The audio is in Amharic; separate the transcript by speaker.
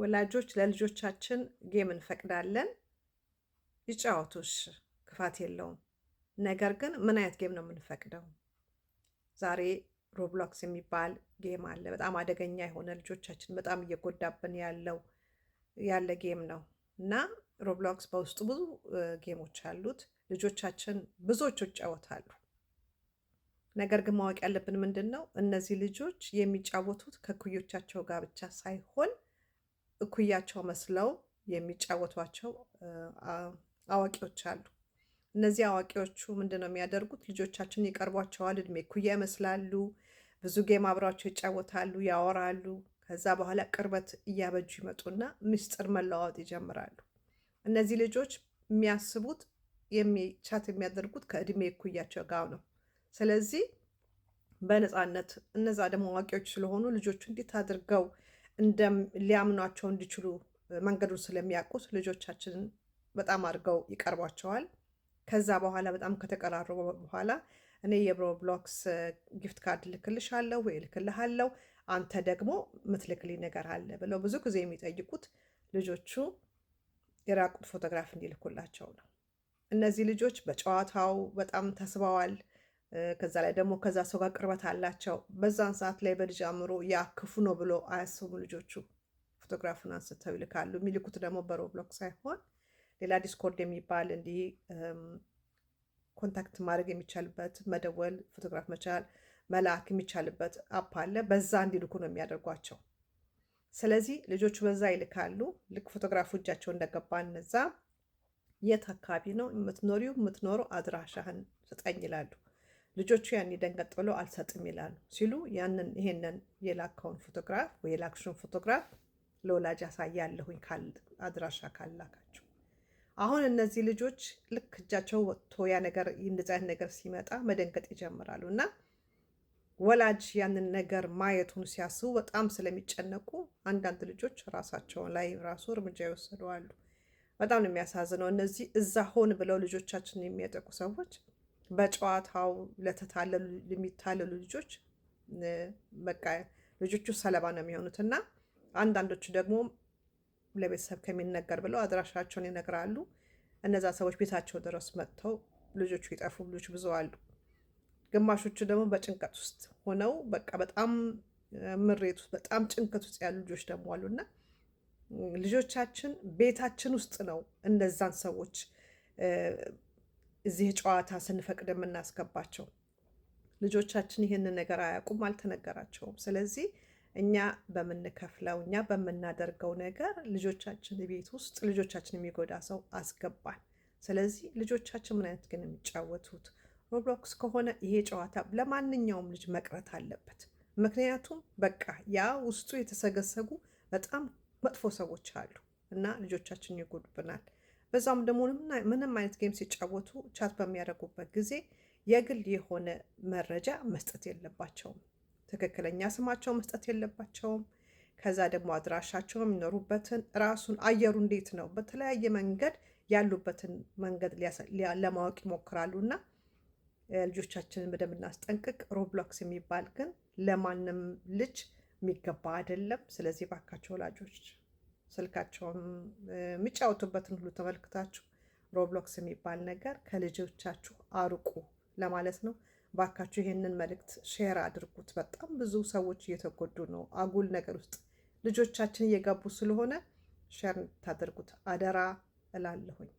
Speaker 1: ወላጆች ለልጆቻችን ጌም እንፈቅዳለን፣ ይጫወቱሽ፣ ክፋት የለውም። ነገር ግን ምን አይነት ጌም ነው የምንፈቅደው? ዛሬ ሮብሎክስ የሚባል ጌም አለ። በጣም አደገኛ የሆነ ልጆቻችን በጣም እየጎዳብን ያለው ያለ ጌም ነው እና ሮብሎክስ በውስጡ ብዙ ጌሞች አሉት። ልጆቻችን ብዙዎቹ ይጫወታሉ። ነገር ግን ማወቅ ያለብን ምንድን ነው እነዚህ ልጆች የሚጫወቱት ከኩዮቻቸው ጋር ብቻ ሳይሆን እኩያቸው መስለው የሚጫወቷቸው አዋቂዎች አሉ። እነዚህ አዋቂዎቹ ምንድን ነው የሚያደርጉት? ልጆቻችን ይቀርቧቸዋል። እድሜ እኩያ ይመስላሉ። ብዙ ጌም አብረዋቸው ይጫወታሉ፣ ያወራሉ። ከዛ በኋላ ቅርበት እያበጁ ይመጡና ምስጢር መለዋወጥ ይጀምራሉ። እነዚህ ልጆች የሚያስቡት የሚቻት የሚያደርጉት ከእድሜ እኩያቸው ጋር ነው። ስለዚህ በነፃነት እነዛ ደግሞ አዋቂዎች ስለሆኑ ልጆቹ እንዴት አድርገው ሊያምኗቸው እንዲችሉ መንገዱን ስለሚያውቁት ልጆቻችንን በጣም አድርገው ይቀርቧቸዋል። ከዛ በኋላ በጣም ከተቀራረቡ በኋላ እኔ የሮብሎክስ ጊፍት ካርድ ልክልሻለሁ ወይ ልክልሃለሁ፣ አንተ ደግሞ ምትልክልኝ ነገር አለ ብለው ብዙ ጊዜ የሚጠይቁት ልጆቹ የራቁት ፎቶግራፍ እንዲልኩላቸው ነው። እነዚህ ልጆች በጨዋታው በጣም ተስበዋል። ከዛ ላይ ደግሞ ከዛ ሰው ጋር ቅርበት አላቸው። በዛን ሰዓት ላይ በልጅ አእምሮ ያ ክፉ ነው ብሎ አያስቡም ልጆቹ። ፎቶግራፉን አንስተው ይልካሉ። የሚልኩት ደግሞ በሮብሎክ ሳይሆን ሌላ ዲስኮርድ የሚባል እንዲህ ኮንታክት ማድረግ የሚቻልበት መደወል፣ ፎቶግራፍ መቻል፣ መላክ የሚቻልበት አፕ አለ። በዛ እንዲልኩ ነው የሚያደርጓቸው። ስለዚህ ልጆቹ በዛ ይልካሉ። ልክ ፎቶግራፉ እጃቸው እንደገባ እነዛ የት አካባቢ ነው የምትኖሪው የምትኖረው አድራሻህን ስጠኝ ይላሉ። ልጆቹ ያን ደንገጥ ብሎ አልሰጥም ይላሉ ሲሉ ያንን ይሄንን የላከውን ፎቶግራፍ ወይ የላክሽን ፎቶግራፍ ለወላጅ ያሳያለሁኝ አድራሻ ካላካቸው። አሁን እነዚህ ልጆች ልክ እጃቸው ወጥቶ ያ ነገር እንደዚህ አይነት ነገር ሲመጣ መደንገጥ ይጀምራሉ እና ወላጅ ያንን ነገር ማየቱን ሲያስቡ በጣም ስለሚጨነቁ አንዳንድ ልጆች ራሳቸውን ላይ ራሱ እርምጃ ይወሰደዋሉ። በጣም ነው የሚያሳዝነው። እነዚህ እዛ ሆን ብለው ልጆቻችን የሚያጠቁ ሰዎች በጨዋታው ለተታለሉ የሚታለሉ ልጆች በቃ ልጆቹ ሰለባ ነው የሚሆኑት እና አንዳንዶቹ ደግሞ ለቤተሰብ ከሚነገር ብለው አድራሻቸውን ይነግራሉ። እነዛ ሰዎች ቤታቸው ድረስ መጥተው ልጆቹ ይጠፉ ልጆች ብዙ አሉ። ግማሾቹ ደግሞ በጭንቀት ውስጥ ሆነው በቃ በጣም ምሬት ውስጥ በጣም ጭንቀት ውስጥ ያሉ ልጆች ደግሞ እና ልጆቻችን ቤታችን ውስጥ ነው እነዛን ሰዎች እዚህ ጨዋታ ስንፈቅድ የምናስገባቸው ልጆቻችን ይህንን ነገር አያውቁም፣ አልተነገራቸውም። ስለዚህ እኛ በምንከፍለው እኛ በምናደርገው ነገር ልጆቻችን ቤት ውስጥ ልጆቻችን የሚጎዳ ሰው አስገባል። ስለዚህ ልጆቻችን ምን አይነት ግን የሚጫወቱት ሮብሎክስ ከሆነ ይሄ ጨዋታ ለማንኛውም ልጅ መቅረት አለበት። ምክንያቱም በቃ ያ ውስጡ የተሰገሰጉ በጣም መጥፎ ሰዎች አሉ እና ልጆቻችን ይጎዱብናል። በዛም ደግሞ ምንም አይነት ጌም ሲጫወቱ ቻት በሚያደርጉበት ጊዜ የግል የሆነ መረጃ መስጠት የለባቸውም። ትክክለኛ ስማቸው መስጠት የለባቸውም። ከዛ ደግሞ አድራሻቸው የሚኖሩበትን ራሱን አየሩ እንዴት ነው፣ በተለያየ መንገድ ያሉበትን መንገድ ለማወቅ ይሞክራሉ እና ልጆቻችንን በደንብ እናስጠንቅቅ። ሮብሎክስ የሚባል ግን ለማንም ልጅ የሚገባ አይደለም። ስለዚህ ባካቸው ወላጆች ስልካቸውን የሚጫወቱበትን ሁሉ ተመልክታችሁ ሮብሎክስ የሚባል ነገር ከልጆቻችሁ አርቁ ለማለት ነው። ባካችሁ ይህንን መልእክት ሼር አድርጉት። በጣም ብዙ ሰዎች እየተጎዱ ነው። አጉል ነገር ውስጥ ልጆቻችን እየገቡ ስለሆነ ሼር ታደርጉት አደራ እላለሁኝ።